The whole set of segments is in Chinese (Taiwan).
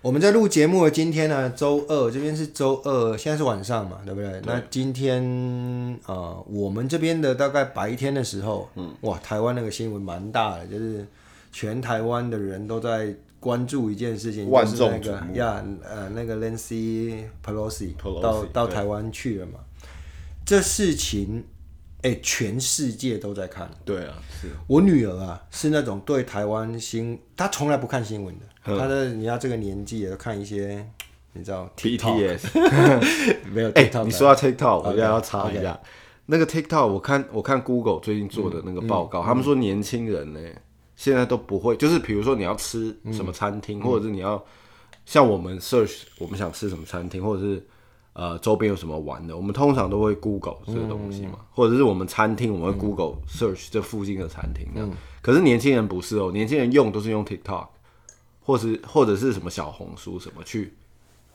我們在錄節目的今天呢、啊，周二，這邊是周二，現在是晚上嘛，對不對？對，那今天啊、呃，我們這邊的大概白天的時候，嗯，哇，台灣那個新聞蠻大的，就是全台灣的人都在關注一件事情，萬、就、眾、是、那個，yeah, 呃，那個 Nancy Pelosi, Pelosi 到對到台灣去了嘛？這事情，哎、欸，全世界都在看，對啊，是，我女兒啊，是那種對台灣新，她從來不看新聞的。他的你要這個年紀也要看一些，你知道 TTS 沒有？哎，你說到 TikTok，我等一下要查一下。那個 TikTok，我看我看 Google 最近做的那個報告，他們說年輕人呢，現在都不會，就是比如說你要吃什麼餐廳，或者是你要像我們 search，我們想吃什麼餐廳，或者是呃周邊有什麼玩的，我們通常都會 Google 這個東西嘛，或者是我們餐廳，我們會 Google search 這附近的餐廳。可是年輕人不是哦，年輕人用都是用 TikTok。或是或者是什麼小紅書什麼去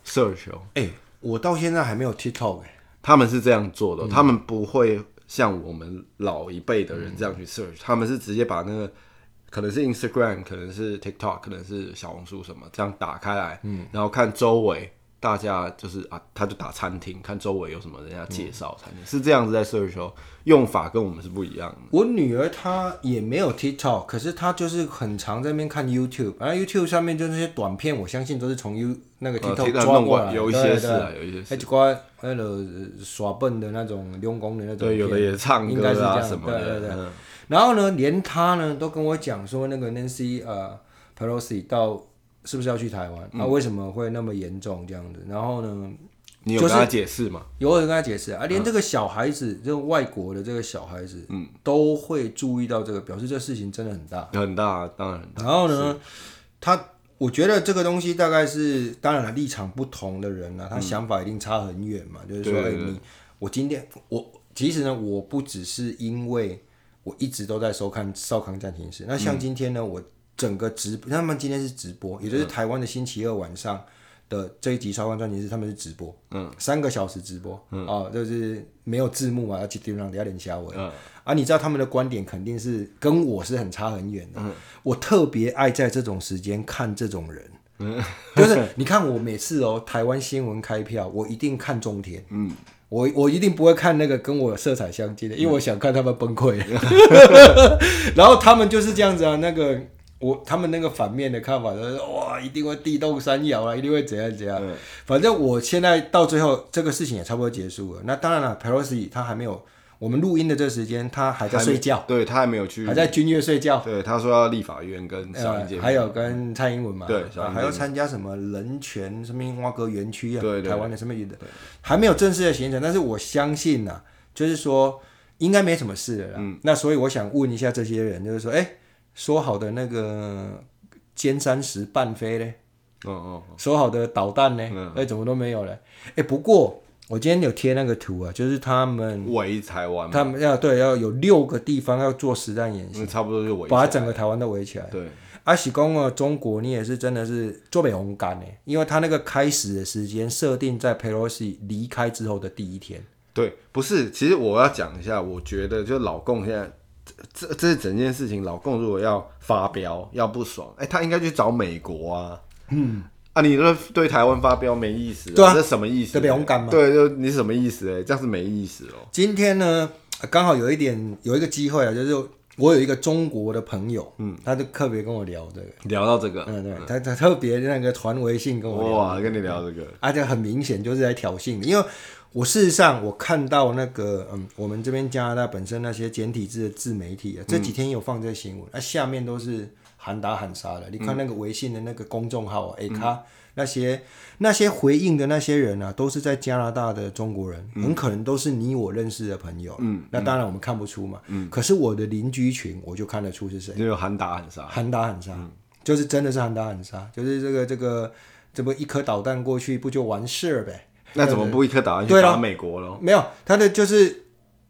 search 哎、哦欸，我到現在還沒有 TikTok 哎、欸。他們是這樣做的，嗯、他們不會像我們老一輩的人這樣去 search，嗯、他們是直接把那個可能是 Instagram，可能是 TikTok，可能是小紅書什麼這樣打開來，嗯、然後看周圍大家就是啊，他就打餐廳，看周圍有什麼人家介紹餐廳，嗯、是這樣子在 search、哦用法跟我們是不一樣的。我女兒她也沒有 TikTok，可是她就是很常在那邊看 YouTube，而、啊、YouTube 上面就是那些短片，我相信都是從 U 那個 TikTok 抓過來。有一些是，有一些是、啊，還有關、啊啊呃、耍笨的那種、用功的那種。對，有的也唱歌啊，對對對。嗯、然後呢，連她呢都跟我講說，那個 Nancy 啊、呃、佩洛西到是不是要去台灣？那、嗯啊、為什麼會那麼嚴重這樣子？然後呢？你有跟他解釋嗎？有，人有跟他解釋啊、嗯、啊。連這個小孩子，嗯、這個外國的這個小孩子，嗯，都會注意到這個，表示這事情真的很大，嗯嗯很大啊、很大，當然。然後呢，是他，我覺得這個東西大概是，當然他立場不同的人啊、嗯、他想法一定差很遠嘛。嗯、就是說，哎對、欸，你，我今天，我其實呢，我不只是因為我一直都在收看《少康戰情室》，那像今天呢，嗯、我整個直播，他們今天是直播，也就是台灣的星期二晚上。嗯的這一集《超光專輯》是他們是直播，嗯，三個小時直播、嗯啊，就是沒有字幕啊，要去丟上點點下文，嗯、啊，你知道他們的觀點肯定是跟我是很差很遠的，嗯、我特別愛在這種時間看這種人，嗯，就是你看我每次哦、喔，台灣新聞開票，我一定看中天，嗯，我我一定不會看那個跟我色彩相近的，因為我想看他們崩潰，嗯、 然後他們就是這樣子啊，那個。我他們那個反面的看法就是哇，一定會地動山搖啊，一定會怎樣怎樣。對反正我現在到最後這個事情也差不多結束了。那當然了佩洛西他還沒有我們錄音的這時間，他還在睡覺，對，他還沒有去，還在君悅睡覺。對，他說要立法院跟小英見面，還有跟蔡英文嘛，對，還要參加什麼人權什麼櫻花閣園區啊，台灣的什麼的，對對對還沒有正式的行程。但是我相信呢、啊、就是說應該沒什麼事的、嗯、那所以我想問一下這些人，就是說，哎、欸。說好的那個殲三十半飛呢？嗯嗯、說好的導彈呢？哎、嗯，怎麼都沒有了？哎、欸，不過我今天有貼那個圖啊，就是他們圍台灣，他們要對要有六個地方要做實戰演習、嗯，差不多就圍把整個台灣都圍起來。對，阿喜公啊，中國你也是真的是做美紅幹呢，因為他那個開始的時間設定在佩洛西離開之後的第一天。對，不是，其實我要講一下，我覺得就老共現在。這這，這整件事情，老共如果要發飆要不爽，哎，他應該去找美國啊，嗯，啊，你這對台灣發飆沒意思，對啊，這什麼意思？特別勇敢嗎？對，就你什麼意思？哎，這樣是沒意思哦。今天呢，剛好有一點有一個機會啊，就是我有一個中國的朋友，嗯，他就特別跟我聊這個，聊到這個，嗯，對，他他特別那個傳微信跟我聊，哇、哦啊，跟你聊這個，而且、嗯啊、很明顯就是在挑釁你，因為。我事實上，我看到那個，嗯，我們這邊加拿大本身那些簡體字的自媒體啊，這幾天有放這個新聞，那、嗯啊、下面都是喊打喊殺的。你看那個微信的那個公眾號，A、啊嗯欸、咖那些那些回應的那些人啊，都是在加拿大的中國人，嗯、很可能都是你我認識的朋友。嗯，那當然我們看不出嘛。嗯。可是我的鄰居群，我就看得出是誰。就是喊打喊殺。喊打喊殺，嗯、就是真的是喊打喊殺，就是這個這個，這不一顆導彈過去不就完事兒唄？那怎麼不一顆導彈去打美國了？沒有，他的就是，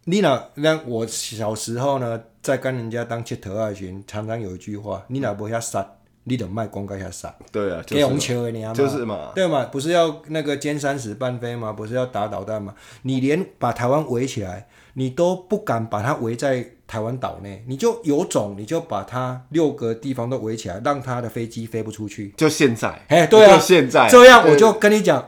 你那。那我小時候呢，在跟人家當街頭愛情，常常有一句話：你那不要殺，你的賣光給下殺。對啊，給紅球你啊，就是嘛，是嘛對嘛，不是要那個殲三十半飛嗎？不是要打導彈嗎？你連把台灣圍起來，你都不敢把它圍在台灣島內，你就有種，你就把它六個地方都圍起來，讓它的飛機飛不出去。就現在，哎，對啊，就現在這樣，我就跟你講。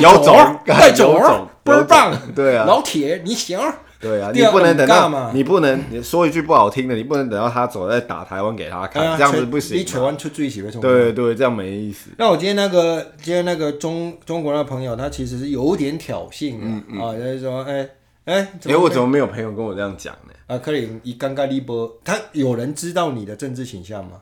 大走，快走，倍兒棒！對啊，老鐵，你行！對啊，你不能等到你不能你說一句不好聽的，你不能等到他走再打台灣給他看，這樣子不行。你台灣出最起會衝。對對，這樣沒意思。那我今天那個今天那個中中國那個朋友，他其實是有點挑釁的啊，就是說，哎哎，哎，我怎麼沒有朋友跟我這樣講呢？啊，可以，以尷尬一波。他有人知道你的政治傾向嗎？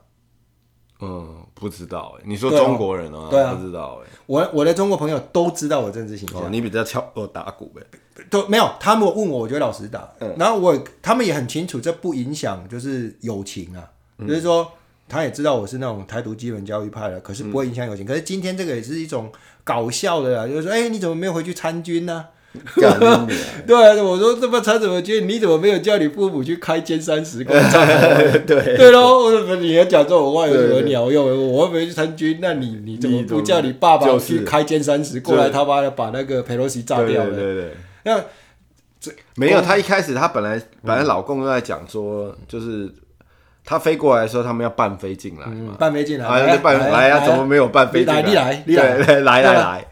嗯，不知道、欸、你說中國人啊，哦、啊不知道、欸、我我的中國朋友都知道我政治傾向、哦。你比較敲鑼打鼓唄，都沒有，他們問我，我覺得老實打。嗯、然後我他們也很清楚，這不影響就是友情啊，嗯、就是說他也知道我是那種台獨基本教育派的，可是不會影響友情。嗯、可是今天這個也是一種搞笑的，就是說，哎，你怎麼沒有回去參軍呢、啊？對，我說這麼才怎麼去？你怎麼沒有叫你父母去開殲三十過來？對對嘍，我怎麼你還講這種話有什麼鳥用？我沒去參軍，那你你怎麼不叫你爸爸去開殲三十過來？他媽的把那個佩洛西炸掉了。那這沒有，他一開始他本來本來老公都在講說，就是他飛過來的時候，他們要半飛進來半飛進來，來半來呀？怎麼沒有半飛進來？你來，你來，對，來來來。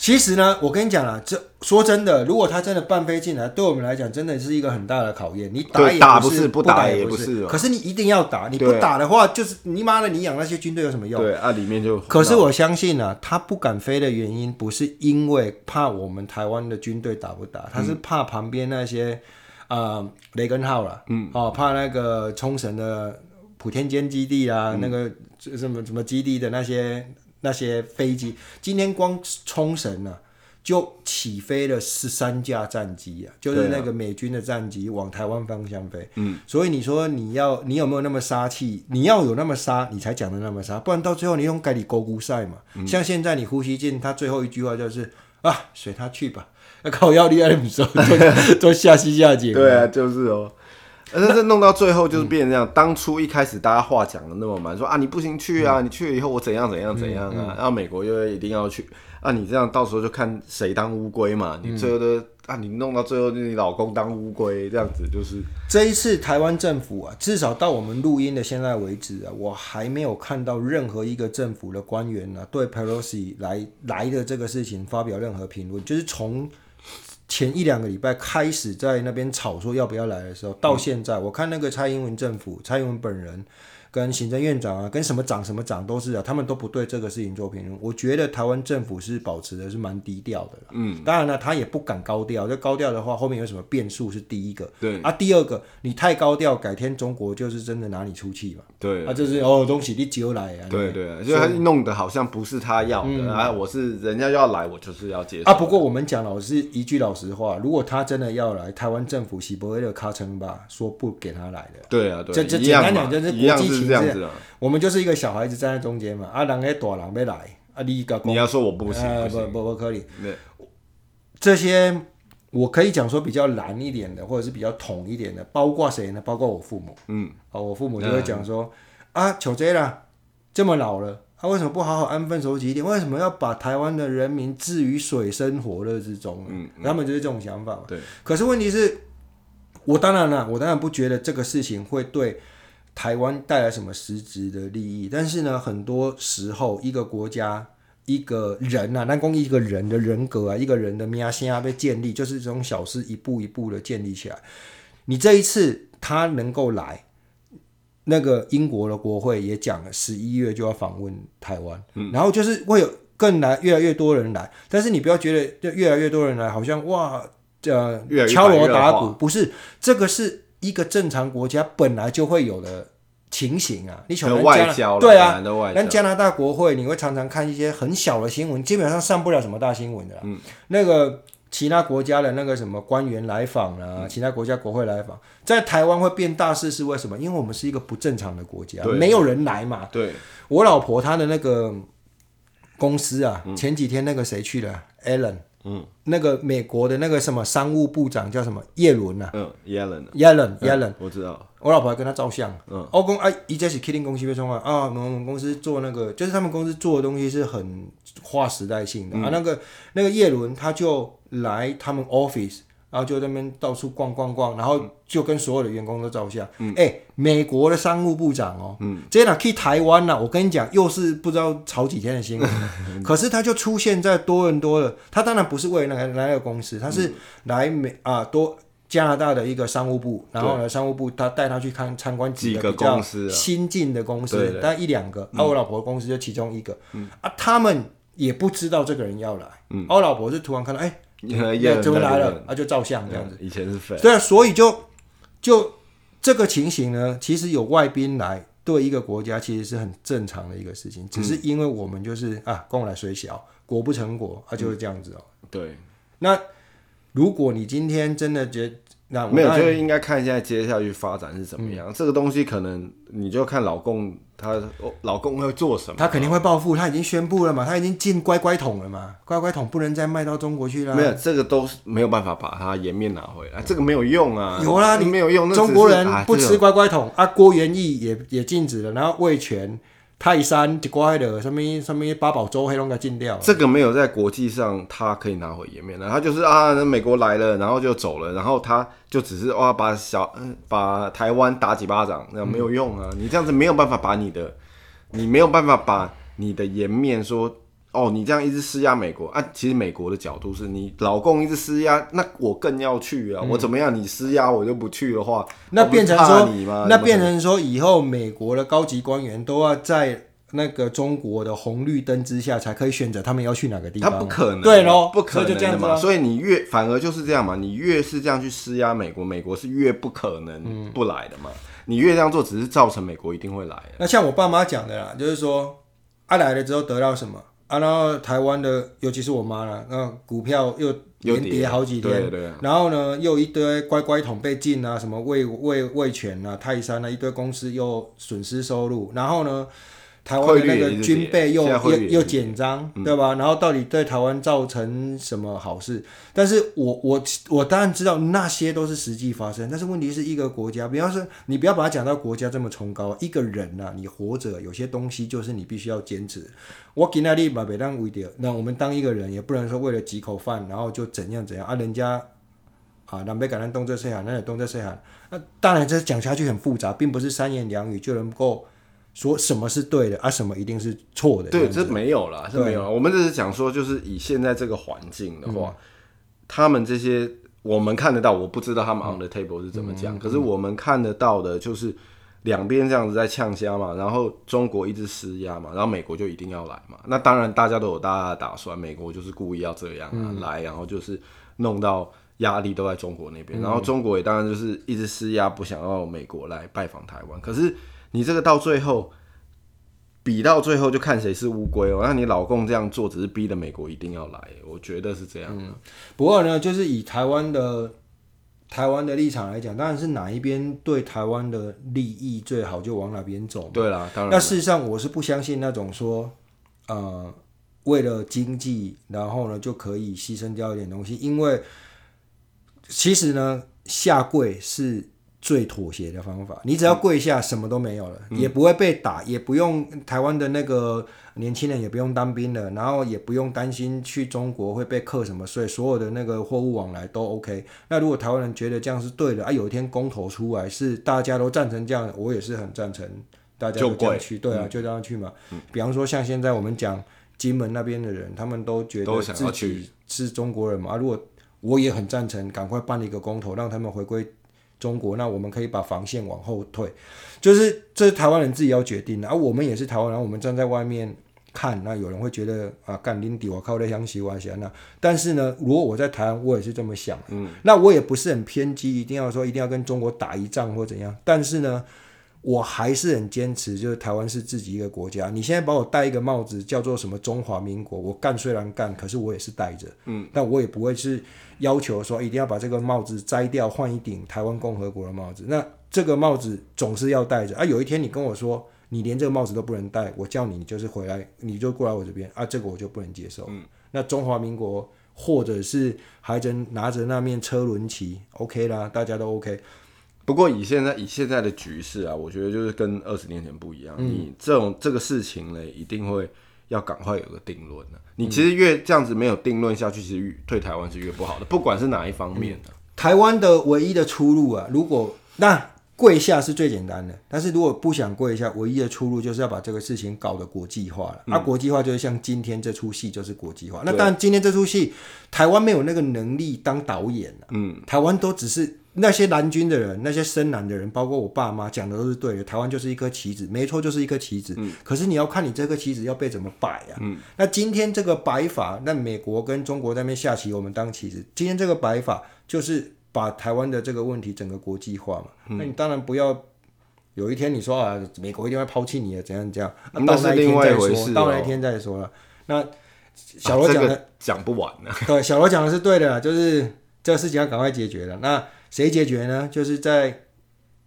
其實呢，我跟你講啊，這說真的，如果他真的半飛進來，對我們來講真的是一個很大的考驗。你打也不是，打不是，不打也不是。不不是，可是你一定要打，對你不打的話，就是你媽的，你養那些軍隊有什麼用？對啊，裡面就。可是我相信啊，他不敢飛的原因不是因為怕我們台灣的軍隊打不打，他是怕旁邊那些啊、嗯呃、雷根號啦，嗯，哦，怕那個沖繩的普天間基地啊，嗯、那個什麼什麼基地的那些。那些飛機今天光沖繩呢，就起飛了十三架戰機啊，就是那個美軍的戰機往台灣方向飛。啊、嗯，所以你說你要你有沒有那麼殺氣？你要有那麼殺，你才講的那麼殺，不然到最後你用蓋里高估賽嘛。嗯、像現在你呼吸進他最後一句話就是啊，隨他去吧，那靠幺零二五說做，做下西下井。 對啊，就是哦。但是弄到最後就是變成這樣，嗯、當初一開始大家話講的那麼滿，說啊你不行去啊，嗯、你去了以後我怎樣怎樣怎樣、嗯嗯、啊，然後、嗯啊、美國又一定要去，啊你這樣到時候就看誰當烏龜嘛，嗯、你最後的啊，你弄到最後你老公當烏龜這樣子就是。嗯、這一次台灣政府啊，至少到我們錄音的現在為止啊，我還沒有看到任何一個政府的官員呢、啊、對 Pelosi 來來的這個事情發表任何評論，就是從。前一兩個禮拜開始在那邊吵說要不要來的時候，到現在我看那個蔡英文政府，蔡英文本人。跟行政院長啊，跟什麼長什麼長都是啊，他們都不對這個事情做評論。我覺得台灣政府是保持的是蠻低調的啦。嗯，當然了，他也不敢高調，這高調的話，後面有什麼變數是第一個。對啊，第二個你太高調，改天中國就是真的拿你出氣嘛。對啊、哦、啊，就是哦，東西你就來啊。對對，所以是他弄的好像不是他要的、嗯、啊，我是人家要來，我就是要接受。啊，不過我們講老實一句老實話，如果他真的要來，台灣政府是不會有喀稱吧，說不給他來的。對啊，對，這這簡單講就是國際。是這樣子、啊、我們就是一個小孩子站在中間嘛。啊，人家大人沒來。啊，你你要說我不行，啊、不不不可以。對這些我可以講說比較難一點的，或者是比較統一點的，包括誰呢？包括我父母。嗯、啊，我父母就會講說、嗯、啊，求哲啦，這麼老了，他、啊、為什麼不好好安分守己一點？為什麼要把台灣的人民置於水深火熱之中呢？嗯，嗯，他們就是這種想法嘛。對，可是問題是，我當然了、啊，我當然不覺得這個事情會對。台灣帶來什麼實質的利益？但是呢，很多時候一個國家、一個人啊單光一個人的人格啊，一個人的名啊、姓啊被建立，就是這種小事，一步一步的建立起來。你這一次他能夠來，那個英國的國會也講了，十一月就要訪問台灣，嗯、然後就是會有更來越來越多人來。但是你不要覺得，越來越多人來，好像哇，呃，越來越敲鑼打鼓，不是這個是，一個正常國家本來就會有的情形啊，你曉得外交對啊，但加拿大國會你會常常看一些很小的新聞，基本上上不了什麼大新聞的啦。嗯，那個其他國家的那個什麼官員來訪啊，嗯、其他國家國會來訪，在台灣會變大事是為什麼？因為我們是一個不正常的國家，對沒有人來嘛。對，我老婆她的那個公司啊，嗯、前幾天那個誰去了 Alan 嗯，那個美國的那個什麼商務部長叫什麼葉倫吶？啊、嗯，耶倫、啊，耶倫，耶倫、嗯，我知道，我老婆還跟他照相、啊。嗯，我講哎，一 j、啊、是 s t kidding，公司被衝啊啊！我、那、們、個、公司做那個，就是他們公司做的東西是很劃時代性的、嗯、啊。那個那個葉倫他就來他們 office。然後就在那邊到處逛逛逛，然後就跟所有的員工都照相。哎、嗯欸，美國的商務部長哦、喔，嗯，直接來去台灣了。我跟你講，又是不知道吵幾天的新聞。嗯、可是他就出現在多倫多的。他當然不是為了那個那個公司，他是來美啊多加拿大的一個商務部。然後呢，對商務部他帶他去看參觀幾個比較新進的公司，他一兩個。嗯、啊，我老婆的公司就其中一個。嗯、啊，他們也不知道這個人要來。嗯啊、我老婆就突然看到，哎、欸。怎麼 Yeah, Yeah, 來了？他 yeah,、啊、就照相這樣子。以前是廢。對啊，所以就就這個情形呢，其實有外賓來對一個國家，其實是很正常的一個事情。只是因為我們就是、嗯、啊，貢來雖小，國不成國，他、啊、就是這樣子哦、喔。嗯、對。那如果你今天真的覺，那我沒有，就是應該看現在接下去發展是怎麼樣。嗯、這個東西可能你就看老共他、哦、老共會做什麼、啊，他肯定會報復。他已經宣佈了嘛，他已經禁乖乖桶了嘛，乖乖桶不能再賣到中國去啦、啊。沒有，這個都是沒有辦法把他顏面拿回來，這個沒有用啊。有啦、啊，你沒有用，那中國人不吃乖乖桶啊、這個、啊。郭元益也也禁止了，然後味全。泰山一掛、那個，迄什麼什麼八寶粥，黑龍江禁掉。這個沒有在國際上，他可以拿回顏面、啊。然後就是啊，美國來了，然後就走了，然後他就只是哇，把小嗯，把台灣打幾巴掌，那沒有用啊！嗯、你這樣子沒有辦法把你的，你沒有辦法把你的顏面說。哦，你這樣一直施壓美國啊？其實美國的角度是你老公一直施壓，那我更要去啊！嗯、我怎麼樣？你施壓我就不去的話，那變成說，那變成說以後美國的高級官員都要在那個中國的紅綠燈之下才可以選擇他們要去哪個地方，他不可能，對咯，不可能的嘛。所以，啊、所以你越反而就是這樣嘛，你越是這樣去施壓美國，美國是越不可能不來的嘛。嗯、你越這樣做，只是造成美國一定會來的。那像我爸媽講的啦，就是說，他、啊、來了之後得到什麼？啊，然後台灣的，尤其是我媽啦那個、股票又連跌好幾天，對對，然後呢，又一堆乖乖桶被禁啊，什麼味味味全啊、泰山啊，一堆公司又損失收入，然後呢。台灣的那個軍備又又又緊張，對吧？然後到底對台灣造成什麼好事？嗯、但是我我我當然知道那些都是實際發生，但是問題是一個國家，比方說你不要把它講到國家這麼崇高，一個人啊，你活着有些東西就是你必須要堅持。我今天你把別人，那我們當一個人也不能說為了幾口飯，然後就怎樣怎樣啊？人家啊，南北感動東浙西海，南北東浙西海，那、啊、當然這講下去很複雜，並不是三言兩語就能夠。說什麼是對的啊？什麼一定是錯的？對，這沒有啦，是沒有對我們只是講說，就是以現在這個環境的話，嗯、他們這些我們看得到，我不知道他們 on the table 是怎麼講。嗯、可是我們看得到的就是兩邊這樣子在嗆蝦嘛，然後中國一直施壓嘛，然後美國就一定要來嘛。那當然，大家都有大家的打算，美國就是故意要這樣啊、嗯、來，然後就是弄到壓力都在中國那邊，然後中國也當然就是一直施壓，不想要美國來拜訪台灣。可是。你這個到最後，比到最後就看誰是烏龜哦。那你老公這樣做，只是逼得美國一定要來，我覺得是這樣的。嗯，不過呢，就是以台灣的台灣的立場來講，當然是哪一邊對台灣的利益最好，就往哪邊走嘛。對啦，當然。那事實上，我是不相信那種說，呃，為了經濟，然後呢就可以犧牲掉一點東西，因為其實呢，下跪是。最妥協的方法，你只要跪下，嗯、什麼都沒有了，嗯、也不會被打，也不用台灣的那個年輕人也不用當兵了，然後也不用擔心去中國會被扣什麼稅，所有的那個貨物往來都 OK。那如果台灣人覺得這樣是對的啊，有一天公投出來是大家都贊成這樣，我也是很贊成，大家就過去，貴對啊，嗯、就這樣去嘛。比方說像現在我們講金門那邊的人，他們都覺得自己是中國人嘛，啊、如果我也很贊成，趕快辦一個公投，讓他們回歸。中國，那我們可以把防線往後退，就是這是台灣人自己要決定的啊。我們也是台灣人，我們站在外面看，那有人會覺得啊，幹林底，我靠，在香西玩錢那。但是呢，如果我在台灣，我也是這麼想的，嗯，那我也不是很偏激，一定要說一定要跟中國打一仗或怎樣。但是呢。我還是很堅持，就是台灣是自己一個國家。你現在把我戴一個帽子，叫做什麼中華民國，我幹雖然幹，可是我也是戴着，嗯，但我也不會是要求說一定要把這個帽子摘掉，換一頂台灣共和國的帽子。那這個帽子總是要戴着啊。有一天你跟我說，你連這個帽子都不能戴，我叫你，你就是回來，你就過來我這邊啊，這個我就不能接受。嗯，那中華民國或者是還真拿着那面車輪旗，OK 啦，大家都 OK。不過以現在以現在的局勢啊，我覺得就是跟二十年前不一樣。嗯、你這種這個事情呢，一定會要趕快有個定論、啊嗯、你其實越這樣子沒有定論下去，其實越對台灣是越不好的。不管是哪一方面的、啊嗯，台灣的唯一的出路啊，如果那跪下是最簡單的。但是如果不想跪下，唯一的出路就是要把這個事情搞得國際化了。那、嗯啊、國際化就是像今天這出戲就是國際化。對那但今天這出戲，台灣沒有那個能力當導演了、啊。嗯，台灣都只是。那些藍軍的人，那些深藍的人，包括我爸媽講的都是對的。台灣就是一顆棋子，沒錯，就是一顆棋子。嗯、可是你要看你這顆棋子要被怎麼擺啊？嗯、那今天這個擺法，那美國跟中國在那邊下棋，我們當棋子。今天這個擺法就是把台灣的這個問題整個國際化嘛。嗯、那你當然不要有一天你說啊，美國一定會拋棄你啊，怎樣怎樣？那、啊、到那一天再說，嗯那哦、到那一天再說了。那小羅講的講、啊這個、不完呢、啊。對，小羅講的是對的，就是這事情要趕快解決了。那。誰解決呢？就是在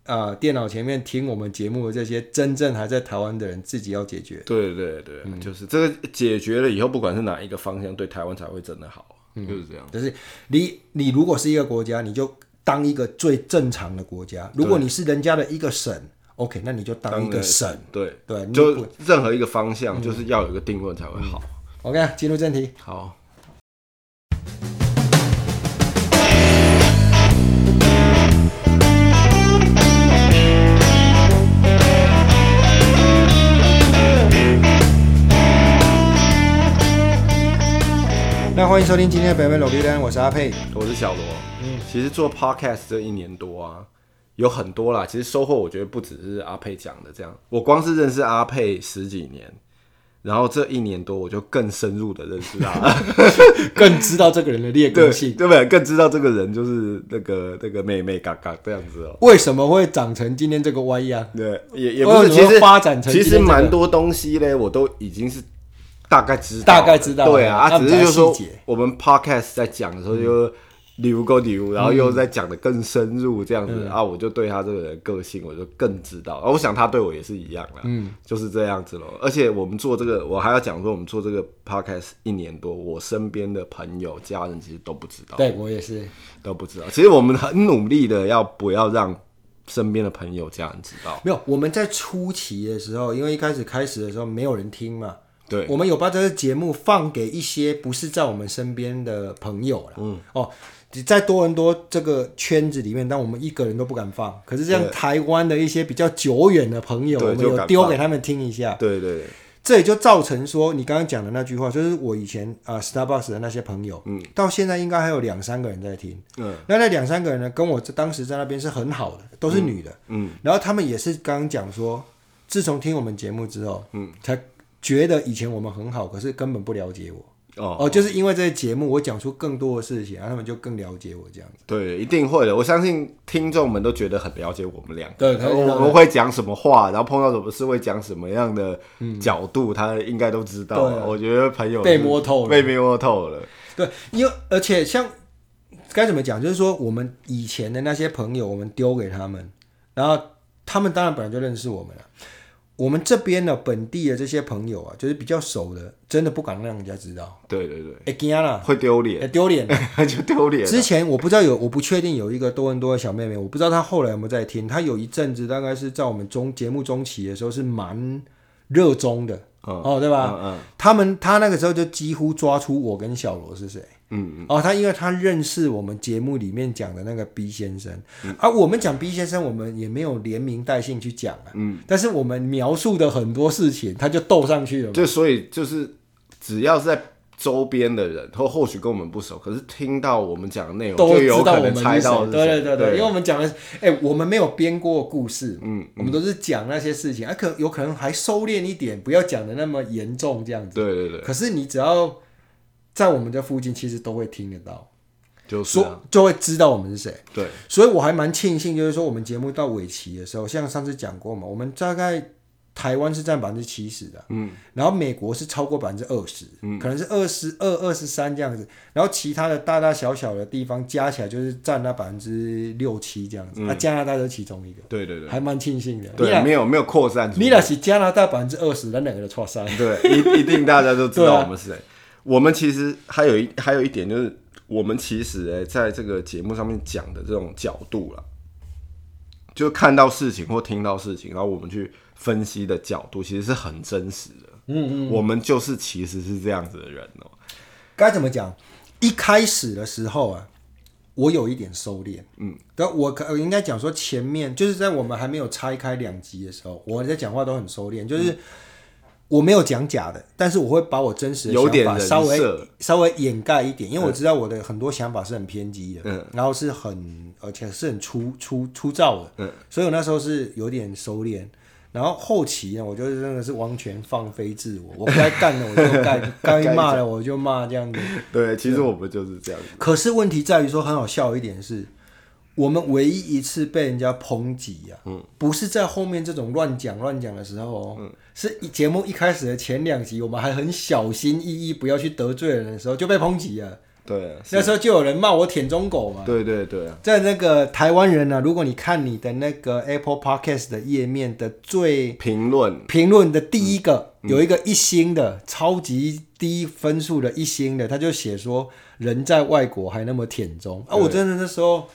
啊、呃、電腦前面聽我們節目的這些真正還在台灣的人自己要解決。對對對，嗯、就是這個解決了以後，不管是哪一個方向，對台灣才會真的好。嗯，就是這樣。就是你，你如果是一個國家，你就當一個最正常的國家；對如果你是人家的一個省，OK，那你就當一個省。對對，對就任何一個方向，就是要有一個定論才會好。嗯嗯、OK，進入正題。好。那歡迎收聽今天的《北美浪流連》，我是阿佩，我是小羅。嗯，其實做 podcast 這一年多啊，有很多啦。其實收穫，我覺得不只是阿佩講的這樣。我光是認識阿佩十幾年，然後這一年多，我就更深入的認識他， 更知道這個人的劣根性對，對不對？更知道這個人就是那個那個妹妹嘎嘎這樣子哦。為什麼會長成今天這個歪呀、啊？對，也也不是。說發展成、這個、其實、其實蠻多東西嘞，我都已經是。大概知道，大概知道，對啊，啊他只是就是說我們 podcast 在講的時候就留留，就禮物夠禮物，然後又在講得更深入這樣子、嗯、啊，我就對他這個人的個性，我就更知道、嗯啊。我想他對我也是一樣的，嗯，就是這樣子嘍。而且我們做這個，我還要講說，我們做這個 podcast 一年多，我身邊的朋友、家人其實都不知道。對我也是，都不知道。其實我們很努力的，要不要讓身邊的朋友家人知道？沒有，我們在初期的時候，因為一開始開始的時候，沒有人聽嘛。對我們有把這個節目放給一些不是在我們身邊的朋友了，嗯哦，你在多倫多這個圈子裡面，但我們一個人都不敢放。可是這樣，台灣的一些比較久遠的朋友，對我們有丟給他們聽一下。對對，對對，這也就造成說，你剛剛講的那句話，就是我以前啊、呃、Starbucks 的那些朋友，嗯，到現在應該還有兩三個人在聽。嗯，那那兩三個人呢，跟我當時在那邊是很好的，都是女的，嗯，嗯然後他們也是剛剛講說，自從聽我們節目之後，嗯，才。覺得以前我們很好，可是根本不了解我，哦哦，就是因為這些節目，我講出更多的事情，然後他們就更了解我這樣子。對，一定會的，我相信聽眾們都覺得很了解我們兩個，對，對，對對，我們會講什麼話，然後碰到什麼事會講什麼樣的角度，嗯、他應該都知道。對我覺得朋友被摸透了，被摸透了。對，因為而且像該怎麼講，就是說我們以前的那些朋友，我們丟給他們，然後他們當然本來就認識我們了。我們這邊的本地的這些朋友啊，就是比較熟的，真的不敢讓人家知道。對對對，會驚啦，會丟臉，丟臉 就丟臉。之前我不知道有，我不確定有一個多倫多的小妹妹，我不知道她後來有沒有在聽。她有一陣子，大概是在我們中節目中期的時候，是蠻熱衷的，嗯、哦，對吧？他、嗯嗯、們他那個時候就幾乎抓出我跟小羅是誰。嗯，哦，他因為他認識我們節目裡面講的那個 B 先生，嗯、啊，我們講 B 先生，我們也沒有連名帶姓去講啊，嗯，但是我們描述的很多事情，他就鬥上去了，就所以就是只要是在周邊的人，或或許跟我們不熟，可是聽到我們講的內容，都有可能猜到的，對，對對對對，因為我們講的是，哎、欸，我們沒有編過故事，嗯，我們都是講那些事情，啊，可有可能還收斂一點，不要講的那麼嚴重這樣子，對對對，可是你只要。在我們的附近，其實都會聽得到，就、啊、說就會知道我們是誰。對，所以我還蠻慶幸，就是說我們節目到尾期的時候，像上次講過嘛，我們大概台灣是占百分之七十的，嗯，然後美國是超過百分之二十，嗯、可能是二十二、二十三這樣子，然後其他的大大小小的地方加起來就是占那百分之六七這樣子。那、嗯啊、加拿大都是其中一個，對對對，還蠻慶幸的。對若沒，沒有沒有擴散。你那是加拿大百分之二十，那哪個的擴散？對，一一定大家都知道我們是誰。我們其實還有一還有一點就是，我們其實誒，在這個節目上面講的這種角度啦，就看到事情或聽到事情，然後我們去分析的角度，其實是很真實的。嗯嗯，我們就是其實是這樣子的人哦。該怎麼講？一開始的時候啊，我有一點收斂。嗯，但我可應該講說，前面就是在我們還沒有拆開兩集的時候，我在講話都很收斂，就是。嗯我沒有講假的，但是我會把我真實的想法稍微稍微掩蓋一點，因為我知道我的很多想法是很偏激的，嗯，然後是很而且是很粗粗粗糙的，嗯，所以我那時候是有點收斂，然後後期呢，我就是真的是完全放飛自我，我該幹的我就幹，該罵的我就罵，這樣子。對，其實我們就是這樣。可是問題在於說很好笑一點是。我們唯一一次被人家抨擊啊，嗯、不是在後面這種亂講亂講的時候哦，嗯、是節目一開始的前兩集，我們還很小心翼翼，不要去得罪人的時候就被抨擊了。對、啊，那時候就有人罵我舔中狗嘛。對對對啊，在那個台灣人呢、啊，如果你看你的那個 Apple Podcast 的頁面的最評論評論的第一個，嗯、有一個一星的超級低分數的一星的，他就寫說人在外國還那麼舔中啊！我真的那時候。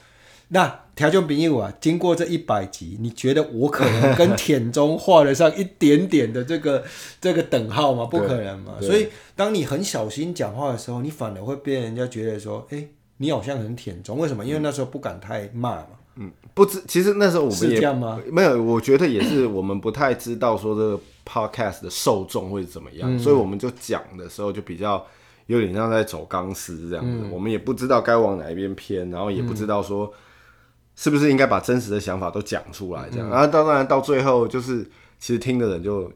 那就比喻我啊，經過這一百集，你覺得我可能跟舔中畫得上一點點的這個這個等號嗎？不可能嘛！所以，當你很小心講話的時候，你反而會被人家覺得說：“哎、欸，你好像很舔中。”為什麼？因為那時候不敢太罵嘛。嗯，不知，其實那時候我們也是這樣嗎？沒有，我覺得也是我們不太知道說這個 podcast 的受眾會怎麼樣，嗯、所以我們就講的時候就比較有點像在走鋼絲這樣子。嗯、我們也不知道該往哪一邊偏，然後也不知道說、嗯。是不是應該把真實的想法都講出來？這樣啊，當然到最後就是，其實聽的人就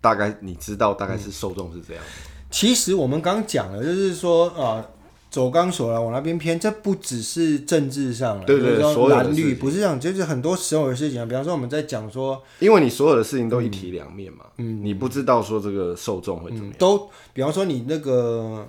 大概你知道，大概是受眾是這樣、嗯。其實我們剛講了，就是說啊，走鋼索了往那邊偏，這不只是政治上，對對對，藍綠不是這樣，就是很多時候的事情，比方說我們在講說，因為你所有的事情都一體兩面嘛，嗯，你不知道說這個受眾會怎麼樣、嗯嗯。都，比方說你那個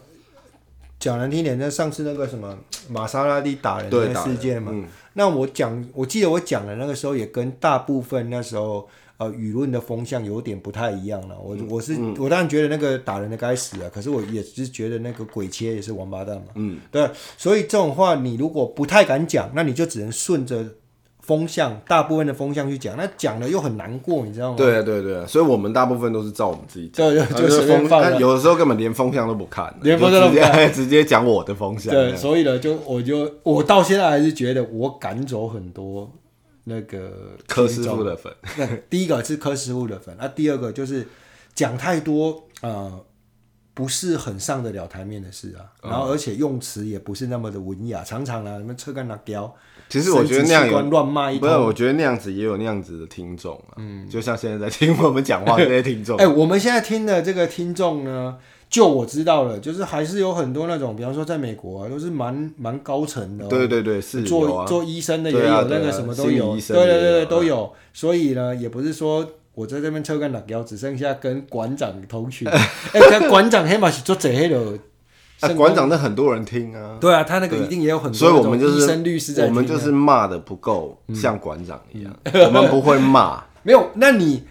講難聽點，在上次那個什麼瑪莎拉蒂打人的事件嘛。那我講，我記得我講的那個時候，也跟大部分那時候呃輿論的風向有點不太一樣了，嗯。我我是我當然覺得那個打人的該死啊，可是我也是覺得那個鬼切也是王八蛋嘛。嗯，對，所以這種話你如果不太敢講，那你就只能順着風向，大部分的風向去講，那講了又很難過，你知道嗎？對對對，所以我們大部分都是照我們自己講，對對對，就是風。 但有的時候根本連風向都不看，連風向都不看，直接講 我的風向。對，樣所以呢，就我就我到現在還是覺得我趕走很多那個柯師傅的粉。 第一個是柯師傅的粉，那、啊、第二個就是講太多呃。不是很上得了台面的事啊，嗯、然後而且用詞也不是那麼的文雅，常常啊什麼車幹拉吊，生殖器官亂罵一通。不是，我覺得那樣子也有那樣子的聽眾啊，嗯，就像現在在聽我們講話的那些聽眾。哎，哎，我們現在聽的這個聽眾呢，就我知道了，就是還是有很多那種，比方說在美國、啊、都是蠻蠻高層的、哦，對對對，是、啊、做做醫生的也有，啊啊、那個什麼都有，有啊、對對對，都有。所以呢，也不是說。我在這邊抽根辣椒，只剩下跟館長同學。哎、 欸，館長起碼去做這黑的，那館、啊、長那很多人聽啊。對啊，他那個一定也有很多醫生律師在這。所以我們就是我們就是罵的不夠像館長一樣，嗯、 我們不會罵。沒有，那你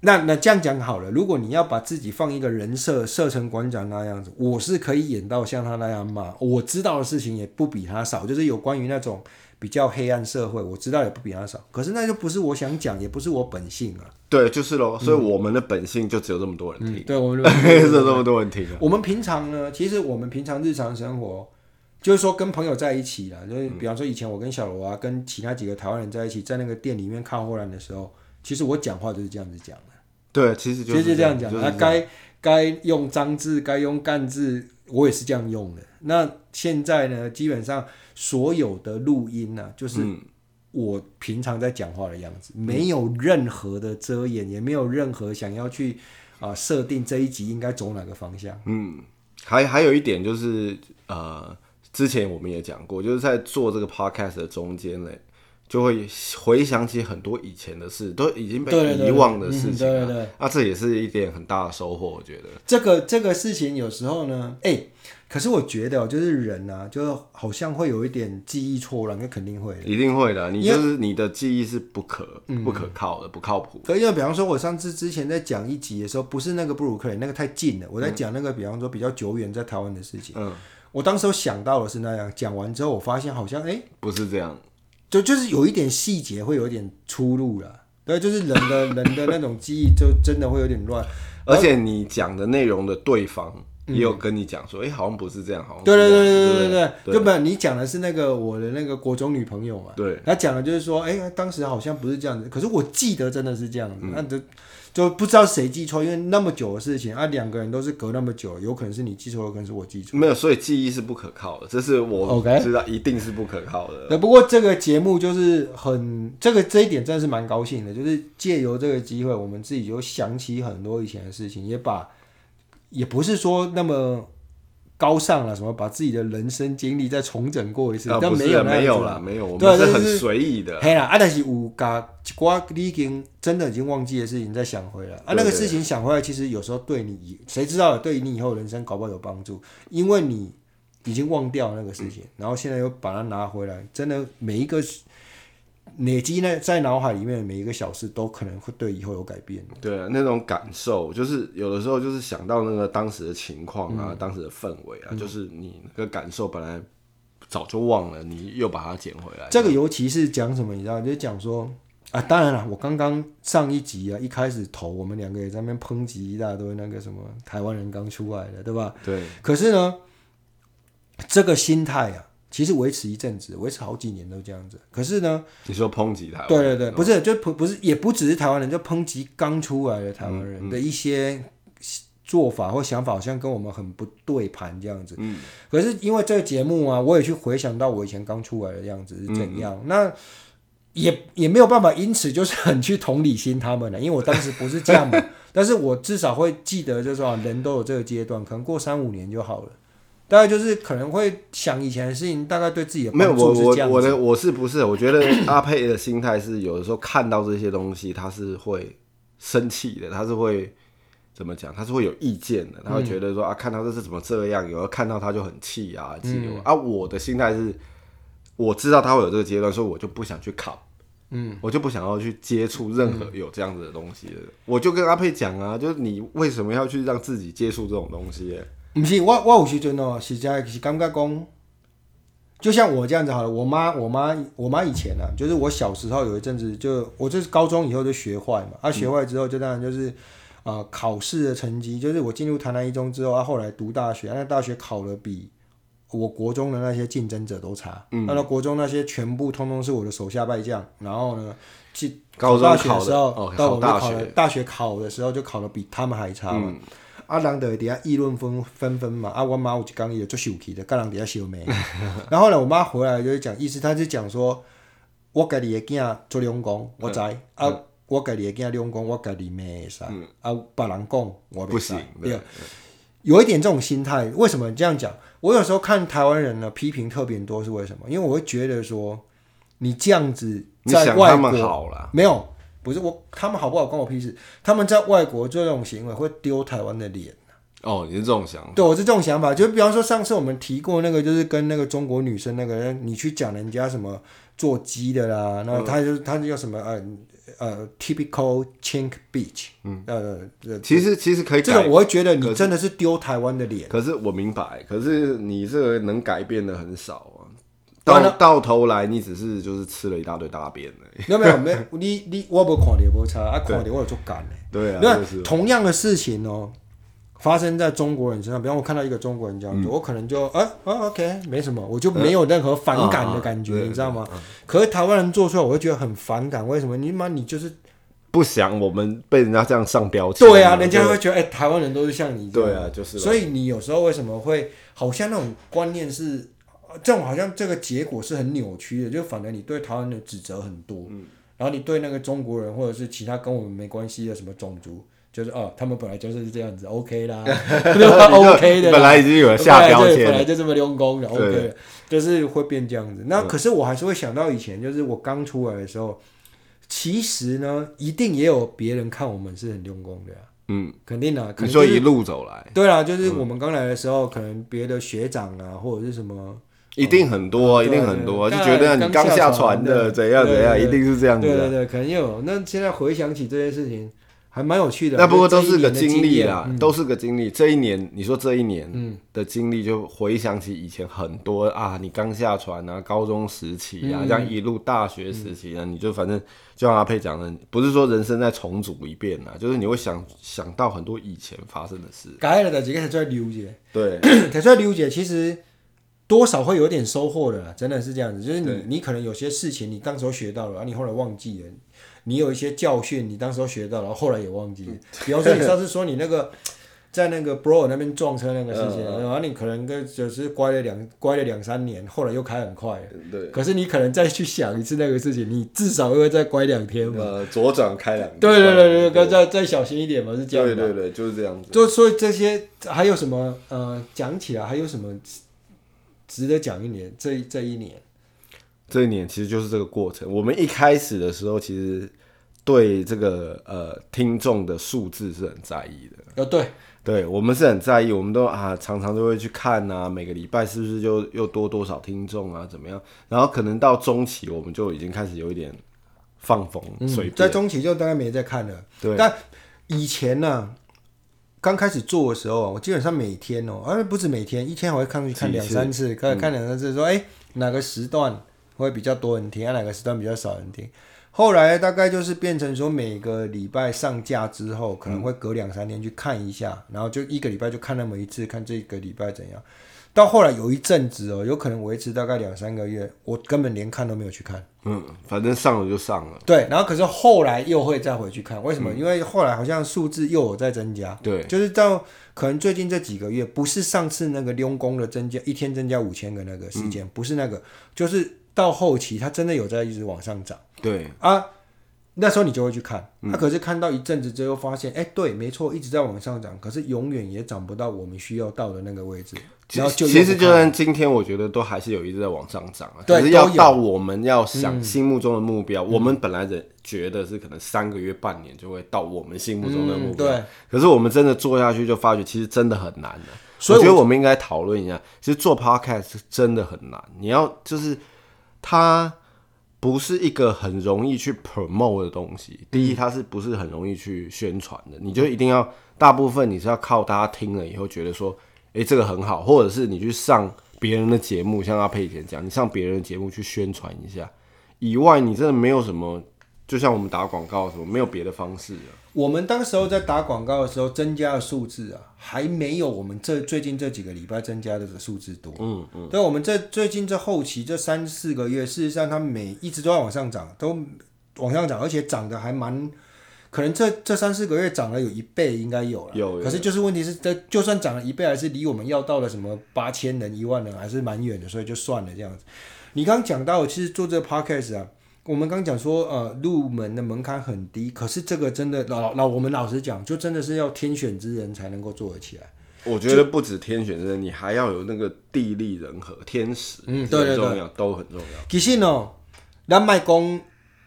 那那這樣講好了，如果你要把自己放一個人設設成館長那樣子，我是可以演到像他那樣罵。我知道的事情也不比他少，就是有關於那種。比較黑暗社會，我知道也不比他少，可是那就不是我想講，也不是我本性啊。對，就是咯。所以我們的本性就只有這麼多人聽。嗯嗯、對，我們只有這麼多人聽、啊。我們平常呢，其實我們平常日常生活，就是說跟朋友在一起啊。就是比方說以前我跟小羅啊，跟其他幾個台灣人在一起，在那個店裡面看貨籃的時候，其實我講話就是這樣子講的。對，其實就是這樣，是這樣講的。那該該用髒字，該用幹字。我也是這樣用的。那現在呢，基本上所有的錄音呢、啊，就是我平常在講話的樣子，嗯、沒有任何的遮掩，嗯、也沒有任何想要去啊呃、設定這一集應該走哪個方向。嗯，還還有一點就是呃，之前我們也講過，就是在做這個 podcast 的中間嘞。就會回想起很多以前的事，都已經被遺忘的事情啊，那這也是一點很大的收穫，我覺得。這個這個事情有時候呢，哎、欸，可是我覺得、哦、就是人啊，就好像會有一點記憶錯了，那肯定會的，一定會的。你就是你的記憶是不可為不可靠的，不靠譜的。因為比方說，我上次之前在講一集的時候，不是那個布魯克林，那個太近了。我在講那個，比方說比較久遠在台灣的事情。嗯，我當時候想到的是那樣，講完之後，我發現好像哎，欸、不是這樣。就就是有一點細節會有一點出入啦，對，就是人的 人的那種記憶就真的會有點亂，而且你講的內容的對方也有跟你講說，哎、嗯欸，好像不是這樣，好像對對對對對對對，根對本你講的是那個我的那個國中女朋友嘛，對，他講的就是說，哎、欸，當時好像不是這樣子，可是我記得真的是這樣子，嗯、那這。就不知道誰記錯，因為那麼久的事情啊，兩個人都是隔那麼久，有可能是你記錯了，有可能是我記錯。沒有，所以記憶是不可靠的，這是我知道一定是不可靠的。那 Okay? 不過這個節目就是很這個這一點真的是蠻高興的，就是借由這個機會，我們自己就想起很多以前的事情，也把也不是說那麼。高尚了，什麼把自己的人生經歷再重整過一次？啊，沒有不是的沒有了，沒有，對，我們是很隨意的。對啦，啊就是有把一些你已經真的已經忘記的事情再想回來對對對啊，那個事情想回來，其實有時候對你，誰知道對你以後人生搞不好有幫助，因為你已經忘掉那個事情，嗯，然後現在又把它拿回來，真的每一個。累積呢，在腦海裡面每一個小事都可能會對以後有改變。對啊，那種感受就是有的時候就是想到那個當時的情況啊，嗯、當時的氛圍啊，就是你那個感受本來早就忘了，你又把它撿回來。這個尤其是講什麼，你知道，就講說啊，當然啦，我剛剛上一集啊，一開始投我們兩個也在那邊抨擊一大堆那個什麼台灣人剛出來的，對吧？對。可是呢，這個心態啊。其實維持一陣子，維持好幾年都這樣子。可是呢，你說抨擊他？對對對，哦、不是，就不不是，也不只是台灣人，就抨擊剛出來的台灣人的一些做法或想法，好像跟我們很不對盤這樣子。嗯、可是因為這個節目啊，我也去回想到我以前剛出來的樣子是怎樣，嗯嗯，那也也沒有辦法，因此就是很去同理心他們了，因為我當時不是這樣嘛， 但是我至少會記得，就是說、啊、人都有這個階段，可能過三五年就好了。大概就是可能會想以前的事情，大概對自己的沒有我我我的我是不是？我覺得阿佩的心態是有的時候看到這些東西，他是會生氣的，他是會怎麼講？他是會有意見的，他會覺得說、嗯、啊，看到這是怎麼這樣？有時候看到他就很氣啊，氣、嗯、啊！我的心態是，我知道他會有這個階段，所以我就不想去考，嗯，我就不想要去接觸任何有這樣子的東西。嗯嗯、我就跟阿佩講啊，就是你為什麼要去讓自己接觸這種東西、欸？不是我，我有時候喔，實在，是感覺說。就像我這樣子好了，我媽，我媽，我媽以前呢、啊，就是我小時候有一陣子就，就我就是高中以後就學壞嘛。他、啊、學壞之後，就當然就是，呃、考試的成績，就是我進入台南一中之後，他、啊、後來讀大學，他大學考的比我國中的那些競爭者都差。嗯。那他國中那些全部通通是我的手下敗將。然後呢，進高中考的，的時候，到我 Okay, 考大學，大學考的時候，就考的比他們還差嘛。嗯阿蘭的佇遐議論紛紛嘛，阿、啊、我媽，我就講有做受氣的，就跟人佇遐相罵。 然後呢，我媽回來就是講意思，她就講說，我家己的囝做兩工，我知；嗯、啊，嗯、我家己的囝兩工，我家己罵會使，嗯、啊，別人講我不行。不是對有一點這種心態，為什麼你這樣講？我有時候看台灣人呢，批評特別多，是為什麼？因為我會覺得說，你這樣子在外國好啦，沒有。不是我，他們好不好關我屁事？他們在外國做這種行為會丟台灣的臉。啊、哦，你是這種想法？對，我是這種想法。就比方說上次我們提過那個，就是跟那個中國女生那個人，你去講人家什麼做雞的啦，嗯、那他就他就叫什麼呃呃、uh, uh, typical chink bitch。嗯。呃，其實其實可以。這個我會覺得你真的是丟台灣的臉。可是，可是我明白，可是你這個能改變的很少。到到頭來，你只是就是吃了一大堆大便了，欸。沒有沒有，你你我沒看沒啊，看我有作感。對啊，那同樣的事情哦，發生在中國人身上，比方我看到一個中國人這樣，嗯、我可能就啊哦、啊、，OK，沒什麼，我就沒有任何反感的感覺，啊、你知道嗎？嗯、可是台灣人做出來，我會覺得很反感。為什麼？你媽，你就是不想我們被人家這樣上標籤？對啊，人家會覺得哎就、欸，台灣人都是像你這樣。對啊，就是。所以你有時候為什麼會好像那種觀念是？這種好像這個結果是很扭曲的，就反而你對台灣的指責很多，嗯，然後你對那個中國人或者是其他跟我們沒關係的什麼種族，就是哦，他們本來就是這樣子，OK 啦、嗯、 ，OK 的啦，就本來已經有了下標籤，對，本來就這麼用功的。Okay 的，OK，對就是會變這樣子。嗯、那可是我還是會想到以前，就是我剛出來的時候，其實呢，一定也有別人看我們是很用功的呀、啊，嗯，肯定的。可能就是、你說一路走來，對啊，就是我們剛來的時候，嗯、可能別的學長啊，或者是什麼。一定很多，一定很多，就覺得你剛下船的怎樣怎樣，一定是這樣子的。對對對，可能有。那現在回想起這些事情，還蠻有趣的。那不過都是個經歷啊，都是個經歷。這一年，你說這一年的經歷，就回想起以前很多啊，你剛下船啊，高中時期啊，這樣一路大學時期啊，你就反正就像阿佩講的，不是說人生再重組一遍啊，就是你會想想到很多以前發生的事。改了的這個才出來了解，對，才出來了解，其實。多少會有點收穫的，真的是這樣子。就是你，對你可能有些事情你當時候學到了，然、啊、後你後來忘記了；你有一些教訓你當時候學到了，然後後來也忘記了。嗯、比方說你上次說你那個 在那個 Bro 那邊撞車那個事情，然後、嗯嗯嗯啊、你可能跟就是乖了兩乖了兩三年，後來又開很快。對。可是你可能再去想一次那個事情，你至少又會再乖兩天嘛。嗯、左轉開兩天，對對對對，再再小心一點嘛，是這樣。對對對，就是這樣子。就所以這些還有什麼？呃，講起來還有什麼？值得講一年，這一這一年，這一年其實就是這個過程。我們一開始的時候，其實對這個呃聽眾的數字是很在意的。哦，對對，我們是很在意，我們都啊常常都會去看啊，每個禮拜是不是就又多多少聽眾啊怎麼樣？然後可能到中期，我們就已經開始有一點放風，所以、嗯、在中期就大概沒再看了。對，但以前呢、啊？剛開始做的時候，我基本上每天哦、喔，而、啊、不止每天，一天我會看去看兩三次，看看兩三次，嗯、說、哎、欸、哪個時段會比較多人聽、啊，哪個時段比較少人聽。後來大概就是變成說，每個禮拜上架之後，可能會隔兩三天去看一下，嗯、然後就一個禮拜就看那麼一次，看這個禮拜怎樣。到後來有一陣子哦、喔，有可能維持大概兩三個月，我根本連看都沒有去看。嗯，反正上了就上了。對，然後可是後來又會再回去看，為什麼？嗯、因為後來好像數字又有在增加。對，就是到可能最近這幾個月，不是上次那個用工的增加，一天增加五千個那個時間、嗯、不是那個，就是到後期它真的有在一直往上漲。對啊。那時候你就會去看，他、啊、可是看到一陣子之後發現，哎、嗯，欸、對，沒錯，一直在往上漲，可是永遠也漲不到我們需要到的那個位置。然後其實其實就算今天，我覺得都還是有一直在往上漲啊。對，可是要到我們要想心目中的目標，嗯、我們本來人覺得是可能三個月、半年就會到我們心目中的目標。嗯、對。可是我們真的做下去就發覺，其實真的很難的、啊。所以我，我覺得我們應該討論一下，其實做 Podcast 是真的很難。你要就是他。不是一個很容易去 promote 的東西。第一，它是不是很容易去宣傳的？你就一定要大部分你是要靠大家聽了以後覺得說，誒、欸，這個很好，或者是你去上別人的節目，像阿沛以前講，你上別人的節目去宣傳一下。以外，你真的沒有什麼。就像我們打廣告什麼，沒有別的方式。啊，我們當時候在打廣告的時候增加的數字啊，還沒有我們這最近這幾個禮拜增加的數字多。嗯嗯。但，嗯、我們這最近這後期這三四個月，事實上它每一直都在往上漲，都往上漲，而且漲得還蠻。可能這這三四個月漲了有一倍應有，應該有了。有。可是就是問題是，這就算漲了一倍，還是離我們要到的什麼八千人、一萬人，還是蠻遠的，所以就算了這樣子。你剛講到，其實做這個 Podcast 啊。我們剛講說，呃，入門的門檻很低，可是這個真的老老我們老實講，就真的是要天選之人才能夠做得起來。我覺得不止天選之人，就你還要有那個地利人和、天時。嗯，對對對，重要都很重要。其實呢，人賣公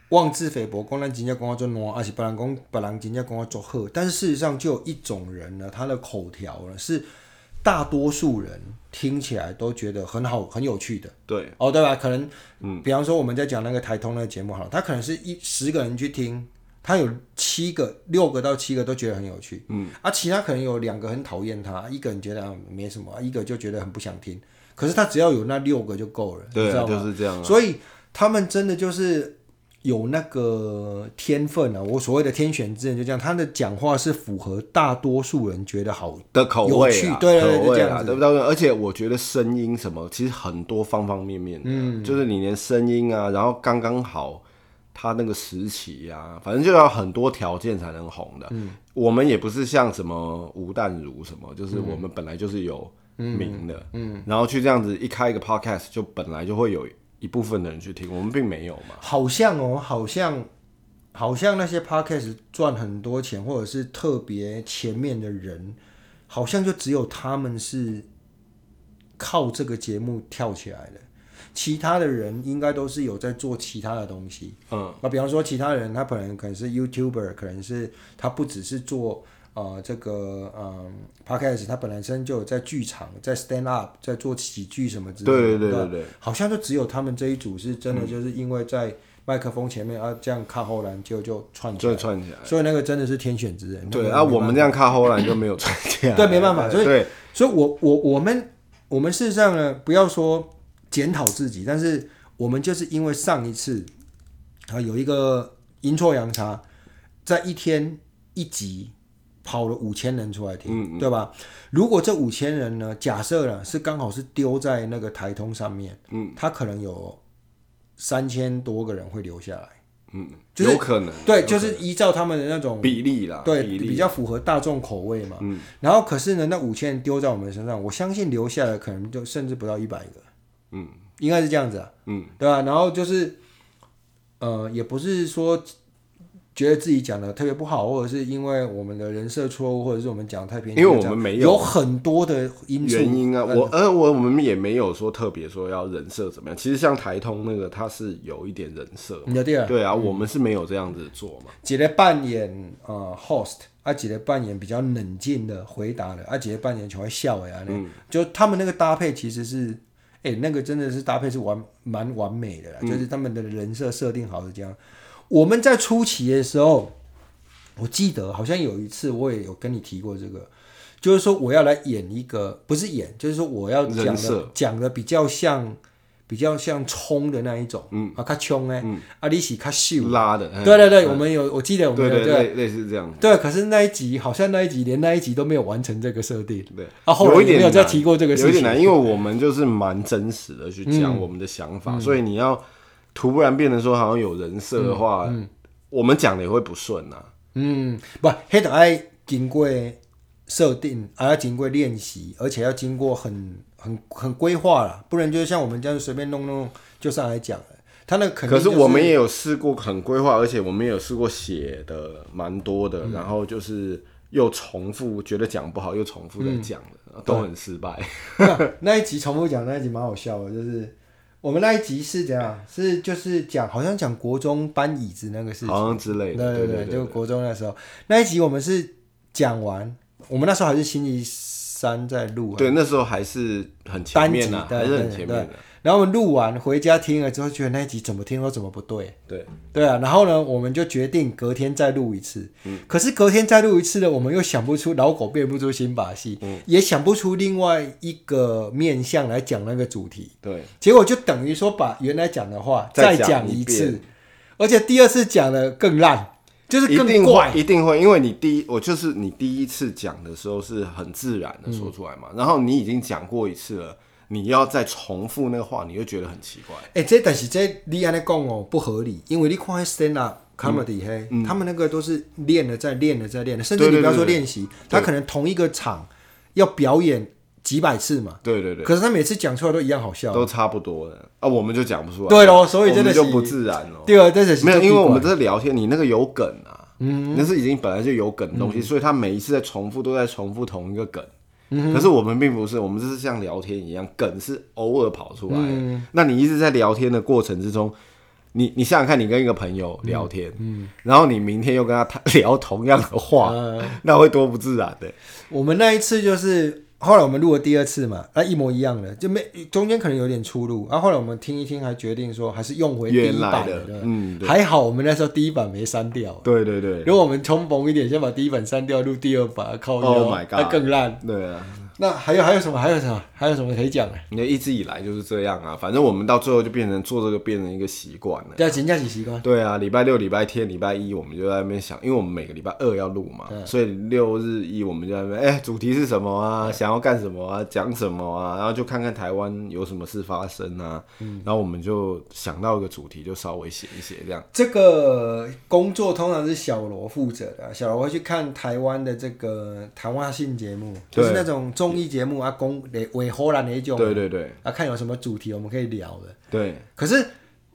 妄自菲薄，公人今要講話做孬，而是不人公不人今要講話做喝。但是事實上，就有一種人呢，他的口條呢是。大多數人聽起來都覺得很好、很有趣的，對，哦，對吧？可能，嗯，比方說我們在講那個台通那個節目，好，他可能是一十個人去聽，他有七個、六個到七個都覺得很有趣，嗯，而、啊、其他可能有兩個很討厭他，一個人覺得、啊、沒什麼，一個就覺得很不想聽。可是他只要有那六個就夠了，對，你知道嗎？就是這樣、啊。所以他們真的就是。有那個天分啊，我所謂的天選之人就這樣，他的講話是符合大多數人覺得好的口味，對對對對了、啊啊，對不對？而且我覺得聲音什麼，其實很多方方面面，嗯，就是你連聲音啊，然後剛剛好，他那個時期啊，反正就要很多條件才能紅的。我們也不是像什麼吳淡如什麼，就是我們本來就是有名的，嗯，然後去這樣子一開一個 podcast，就本來就會有。一部分的人去聽，我們並沒有嘛。好像哦，好像，好像那些 podcast 賺很多錢，或者是特別前面的人，好像就只有他們是靠這個節目跳起來的，其他的人應該都是有在做其他的東西。嗯，那、啊、比方說其他人，他可能可能是 YouTuber，可能是他不只是做。啊、呃，這個嗯、呃、Podcast 他本身就有在劇場，在 Stand Up，在做喜劇什麼之類的，對對對對，好像就只有他們這一組是真的，就是因為在麥克風前面、嗯、啊，這樣靠後欄就就串起來對，串起來，所以那個真的是天選之人。對啊，我們這樣靠後欄就沒有串起來， 對，沒辦法，所以對 所以我，我我我們我們事實上呢，不要說檢討自己，但是我們就是因為上一次啊，有一個陰錯陽差，在一天一集。跑了五千人出來聽，對吧？如果這五千人呢，假設呢是剛好是丟在那個台通上面，嗯，他可能有三千多個人會留下來，嗯，有可能，對，就是依照他們的那種比例啦，對，比較符合大眾口味嘛，然後可是呢，那五千人丟在我們身上，我相信留下來可能就甚至不到一百個，嗯，應該是這樣子啊，嗯，對吧？然後就是，呃，也不是說。覺得自己講的特別不好，或者是因為我們的人設錯誤，或者是我們講的太偏，因為我們沒有有很多的因素。原因啊，是我呃，我我們也沒有說特別說要人設怎麼樣。其實像台通那個，他是有一點人設。對，對啊，我們是沒有這樣子做嘛。姐姐、嗯、扮演、呃、host 啊，姐姐扮演比較冷靜的回答的，啊，姐姐扮演就會笑呀，嗯、就他們那個搭配其實是，哎、欸，那個真的是搭配是完蠻完美的啦，嗯、就是他們的人設設定好是這樣。我們在初期的時候，我記得好像有一次我也有跟你提過這個，就是說我要來演一個，不是演，就是說我要講的講色的比較像比較像衝的那一種，嗯，阿卡衝呢？阿裡西卡秀的拉的，嗯、對對對，我們有，嗯、我記得我們有這對,對,對類似這樣，對，可是那一集好像那一集連那一集都沒有完成這個設定，對啊，後來有沒有再提過這個事情？有一點有一點因為我們就是蠻真實的去講我們的想法，嗯、所以你要。突然變成說好像有人設的話、嗯，嗯、我們講的也會不順吶。嗯，不，他愛經過設定，還要經過練習，而且要經過很很很規劃了，不然就是像我們這樣隨便弄弄就上來講他那肯定、就是、可是我們也有試過很規劃，而且我們也有試過寫的蠻多的，然後就是又重複，覺得講不好又重複的講、嗯、都很失敗對 那。那一集重複講那一集蠻好笑的，就是。我們那一集是這樣？是就是講，好像講國中搬椅子那個事情，好像之類的。對對對，對對對對對，就國中那時候，那一集我們是講完，我們那時候還是星期三在錄、啊，對，那時候還是很前面呢、啊，對對對還是很前面、啊對對對然後我們錄完回家聽了之後，覺得那集怎麼聽都怎麼不對，對啊。然後呢，我們就決定隔天再錄一次。嗯、可是隔天再錄一次呢，我們又想不出老狗變不出新把戲，嗯、也想不出另外一個面向來講那個主題。對。結果就等於說把原來講的話再講一次，一而且第二次講的更爛，就是更一定會一定會，因為你第一我就是你第一次講的時候是很自然的說出來嘛，嗯、然後你已經講過一次了。你要再重複那個話，你就覺得很奇怪、欸。哎、欸，這但、就是這你安尼講哦不合理，因為你看看 stand up comedy 嘿、那個，嗯、他們那個都是練了再練了再練了，甚至你不要說練習，對對對對，他可能同一個場要表演幾百次嘛。對對對。可是他每次講出來都一樣好笑、啊，都差不多的啊、哦，我們就講不出來。對咯，所以真的、就是、就不自然了。對啊，真的是奇怪沒有，因為我們這聊天，你那個有梗啊，嗯，那是已經本來就有梗的東西，嗯、所以他每一次在重複，都在重複同一個梗。嗯、可是我們並不是，我們就是像聊天一樣，梗是偶爾跑出來的。嗯、那你一直在聊天的過程之中，你你想想看，你跟一個朋友聊天，嗯嗯、然後你明天又跟他聊同樣的話，嗯、 那會多不自然的。我們那一次就是。後來我們錄了第二次嘛，那、啊、一模一樣的，就沒中間可能有點出入。然、啊、後後來我們聽一聽，還決定說還是用回第一版的，了嗯、還好我們那時候第一版沒刪掉。對對對，如果我們匆忙一點，先把第一版刪掉，錄第二版，靠，那、oh my 啊、更爛。Yeah, 對啊。那還有還有什麼？還有什麼？還有什麼可以講？哎，那一直以來就是這樣啊。反正我們到最後就變成做這個變成一個習慣了、啊，假習慣。對啊，禮拜六、禮拜天、禮拜一，我們就在那邊想，因為我們每個禮拜二要錄嘛，嗯、所以六日一，我們就在那邊。哎、欸，主題是什麼啊？想要幹什麼啊？講對什麼啊？然後就看看台灣有什麼事發生啊。嗯、然後我們就想到一個主題，就稍微寫一寫這樣。這個工作通常是小羅負責的、啊，小羅會去看台灣的這個談話性節目，就是那種中。綜藝節目啊，公維維何啦那種、啊，對對對，啊，看有什麼主題我們可以聊的。對可。可是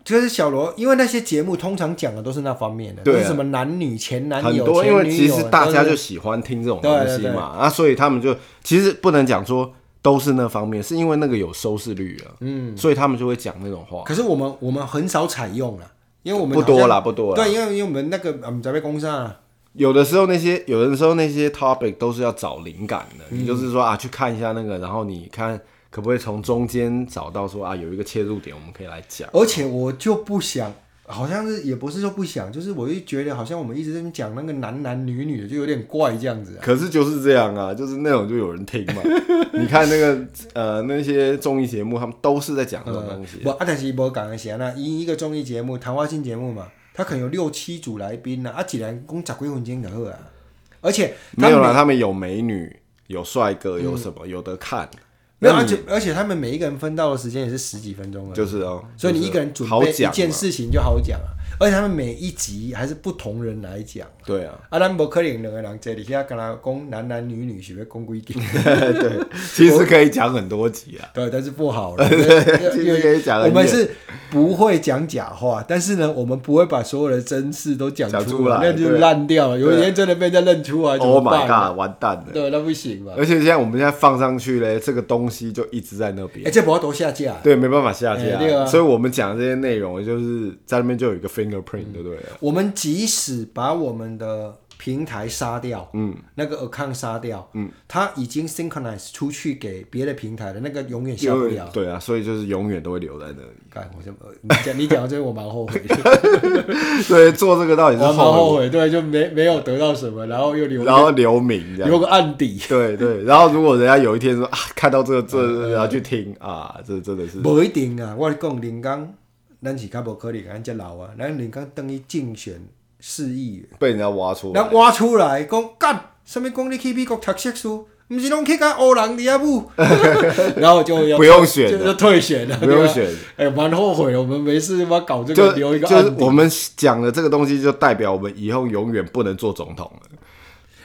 就是小羅，因為那些節目通常講的都是那方面的，對了什麼男女前男友、因為其實大家就喜歡聽這種東西嘛，對對對啊，所以他們就其實不能講說都是那方面，是因為那個有收視率了、啊，嗯，所以他們就會講那種話。可是我們我們很少採用了，因為我們不多了，不多了。對，因為因為我們那個也唔知要講啊。有的時候那些有的時候那些 topic 都是要找靈感的，你就是說啊，去看一下那個，然後你看可不可以從中間找到說啊，有一個切入點，我們可以來講。而且我就不想，好像是也不是說不想，就是我就覺得好像我們一直在講那，那個男男女女的，就有點怪這樣子、啊。可是就是這樣啊，就是那種就有人聽嘛。 你看那個呃那些綜藝節目，他們都是在講這種東西，不、 嗯嗯，但是不同的型那因一個綜藝節目，談話性節目嘛。他可能有六七組來賓呢、啊，啊，幾人共找歸文件。啊！而且沒有啦，他們有美女，有帥哥，有什麼、嗯、有的看。沒有，而且你而且他們每一個人分到的時間也是十幾分鐘了，就是哦。就是、所以你一個人準備一件事情就好講而且他們每一集還是不同人來講。對啊。啊我們不可能兩個人這裡，其他跟他公男男女女，學會公規定？對，其實可以講很多集啊。對，但是不好了。我們是不會講假話，但是呢，我們不會把所有的真事都講出來，那就爛掉了。有一天真的被人家認出來，Oh my god，完蛋了。對，那不行嘛。而且現在我們現在放上去嘞，這個東西就一直在那邊。哎，這不法多下架。對，沒辦法下架。所以我們講的這些內容，就是在那邊就有一個非。對對對、嗯，我們即使把我們的平台殺掉，嗯，那個 account 殺掉，嗯，它已經 synchronize 出去給別的平台了，那個永遠消不了，對啊，所以就是永遠都會留在那裡。哎，我就你講你 這個，我蠻後悔的，對，做這個到底是蠻後悔，對，就沒沒有得到什麼，然後又留，然後留名，留個案底，對對。然後如果人家有一天說啊，看到這個這個，嗯、然後去聽啊，這個、真的是不一定啊，我跟你講。咱是較無可能，咱只老啊，咱林庚等於競選四億被人家挖出來，人挖出來講幹，什麼講你去美國讀碩士，唔是攏去幹歐人第二不， 然後就要不用選就，就退選了，不用選，哎，蠻、欸、後悔的，我們沒事嘛搞這個，就一個就，就是我們講的這個東西，就代表我們以後永遠不能做總統了。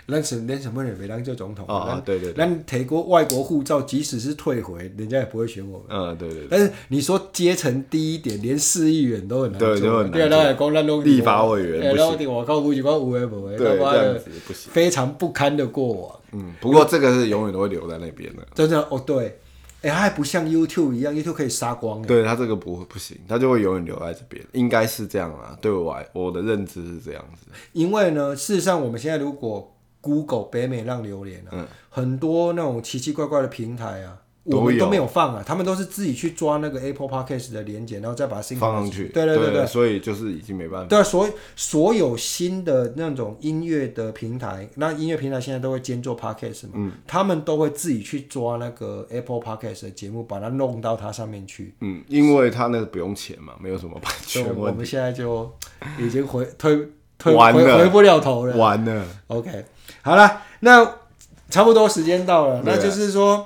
連是，連什麼人也沒當過總統啊？對對，連提過外國護照，即使是退回，人家也不會選我們。嗯，對對。但是你說階層低一點，連市議員都很難做。對，對，對，光那東西立法委員不行，立法委員靠不起，光五百萬，對，這樣子不行。非常不堪的過往。嗯，不過這個是永遠都會留在那邊的。真的哦，對，哎，它還不像 YouTube 一樣，YouTube 可以殺光。對，它這個不不行，它就會永遠留在這邊。應該是這樣啊，對我我的認知是這樣子。因為呢，事實上我們現在如果。Google 北美浪流連啊，嗯、很多那種奇奇怪怪的平台啊，有我們都沒有放啊，他們都是自己去抓那個 Apple Podcast 的連結，然後再把它 s 放上去。對對對，所以就是已經沒辦法。對、啊，所有所有新的那種音樂的平台，那音樂平台現在都會兼做 Podcast 嘛，嗯、他們都會自己去抓那個 Apple Podcast 的節目，把它弄到它上面去。嗯，因為它那個不用錢嘛，沒有什麼版權。我們現在就已經回推推完了回回不了頭了，完了。OK。好了，那差不多時間到了，那就是說，啊、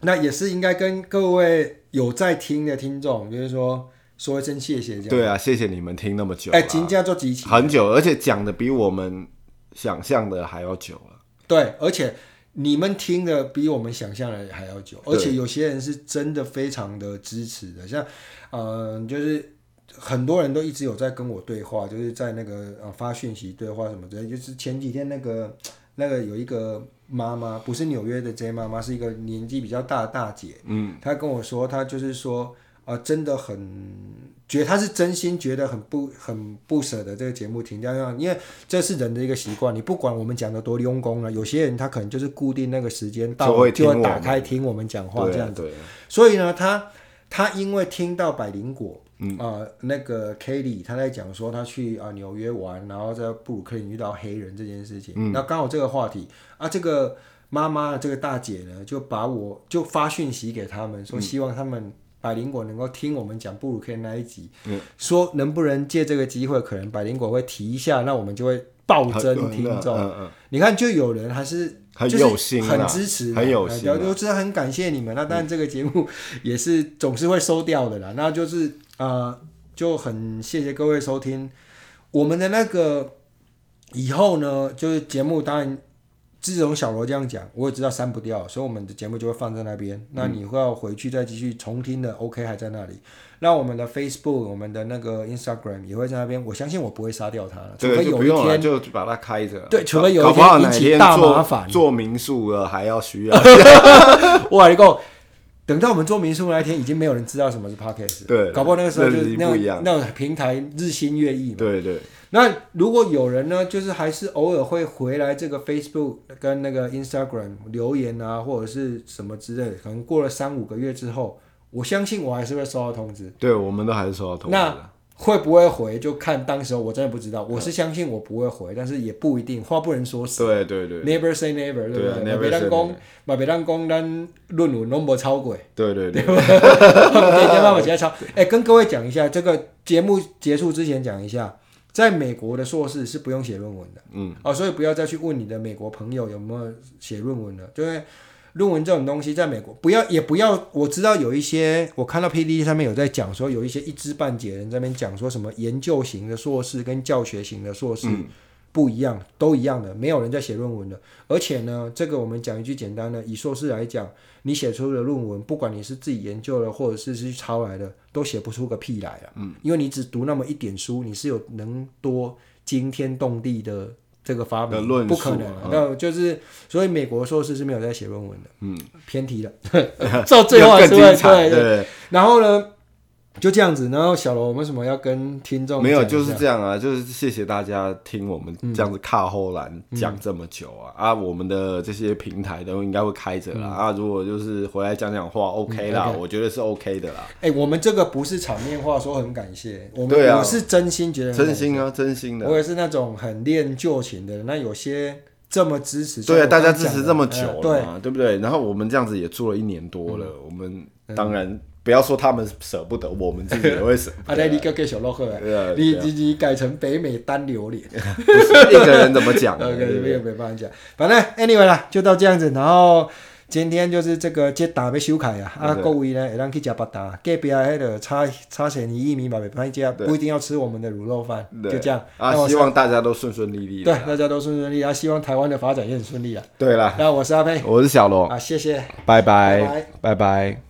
那也是應該跟各位有在聽的聽眾，就是說說一聲謝謝這樣。對啊，謝謝你們聽那麼久、啊。哎、欸，今天做集齊很久，而且講的比我們想象的還要久了。對，而且你們聽的比我們想象的還要久，而且有些人是真的非常的支持的，對像嗯、呃，就是。很多人都一直有在跟我對話，就是在那個呃發訊息對話什麼之類，就是前幾天那個那個有一個媽媽，不是紐約的 J 媽媽，是一個年紀比較大的大姐，嗯，她跟我說，她就是說，呃，真的很覺得，她是真心覺得很不很不捨得這個節目停掉，因為這是人的一個習慣，你不管我們講的多用功了、啊，有些人他可能就是固定那個時間到就會就打開聽我們講話這樣子，所以呢，他他因為聽到百靈果。啊、嗯呃，那個 Katie 他在講說他去啊紐、呃、約玩，然後在布魯克林遇到黑人這件事情。嗯、那剛好這個話題啊，這個媽媽這個大姐呢，就把我就發訊息給他們說，希望他們百靈果能夠聽我們講布魯克林那一集，嗯、說能不能借這個機會，可能百靈果會提一下，那我們就會暴增聽眾。啊、你看，就有人還是，就是很，支持很有心，很支持，很有心、啊，我都真的很感謝你們了。那但這個節目也是總是會收掉的啦，那就是。啊、呃，就很謝謝各位收聽我們的那個以後呢，就是節目當然，自從小羅這樣講，我也知道刪不掉，所以我們的節目就會放在那邊。嗯、那你會要回去再繼續重聽的，OK，還在那裡。那我們的 Facebook，我們的那個 Instagram 也會在那邊。我相信我不會殺掉它對，除非有一天就把它開着。對，除非有一天大麻煩，搞不好哪天做做民宿了還要需要。 我來等到我們做民宿那一天，已經沒有人知道什麼是 Podcast。對，搞不好那個時候就那種那種平台日新月異嘛。對對。那如果有人呢，就是還是偶爾會回來這個 Facebook 跟那個 Instagram 留言啊，或者是什麼之類的，可能過了三五個月之後，我相信我還是會收到通知。對，我們都還是收到通知。那會不會回，就看當時候，我真的不知道。我是相信我不會回，但是也不一定。話不能說死。對對對。Never say never，對不對？馬北工，馬北工，那 say never. 論文 n u 超貴。對對對。哎，跟各位講一下，這個節目結束之前講一下，在美國的碩士是不用寫論文的。嗯。哦，所以不要再去問你的美國朋友有沒有寫論文了，就會。論文這種東西，在美國不要也不要。我知道有一些，我看到 PPT 上面有在講，說有一些一知半解的人在那邊講，說什麼研究型的碩士跟教學型的碩士不一樣，嗯、都一樣的，沒有人在寫論文的。而且呢，這個我們講一句簡單的，以碩士來講，你寫出的論文，不管你是自己研究的，或者是去抄來的，都寫不出個屁來啊。嗯，因為你只讀那麼一點書，你是有能多驚天動地的。這個發表不可能，嗯、那就是所以美國碩士是沒有在寫論文的，嗯，偏題了， 照最後是會，對對，然後呢？就這樣子，然後小羅，為什麼要跟聽眾講？沒有，就是這樣啊，就是謝謝大家聽我們這樣子卡後欄講這麼久啊啊！我們的這些平台都應該會開着啦啊！如果就是回來講講話，OK 啦，我覺得是 OK 的啦。哎，我們這個不是場面話，說很感謝，我們我是真心覺得，真心啊，真心的。我也是那種很念舊情的，那有些這麼支持，對啊，大家支持這麼久嘛，對不對？然後我們這樣子也做了一年多了，我們當然。不要說他們捨不得，我們自己也會捨不得。阿德，你改給改成北美單榴蓮。不是一個人怎麼講？有沒有沒辦法講？反正 anyway 啦，就到這樣子。然後今天就是這個接打被修改啊。啊，各位呢，也讓客家八達給隔壁差差錢一億米嘛，別搬家，不一定要吃我們的滷肉飯，就這樣。啊，希望大家都順順利利。對，大家都順順利利。啊，希望台灣的發展也很順利啊。對了，那我是阿沛，我是小羅。啊，謝謝。拜拜。拜拜。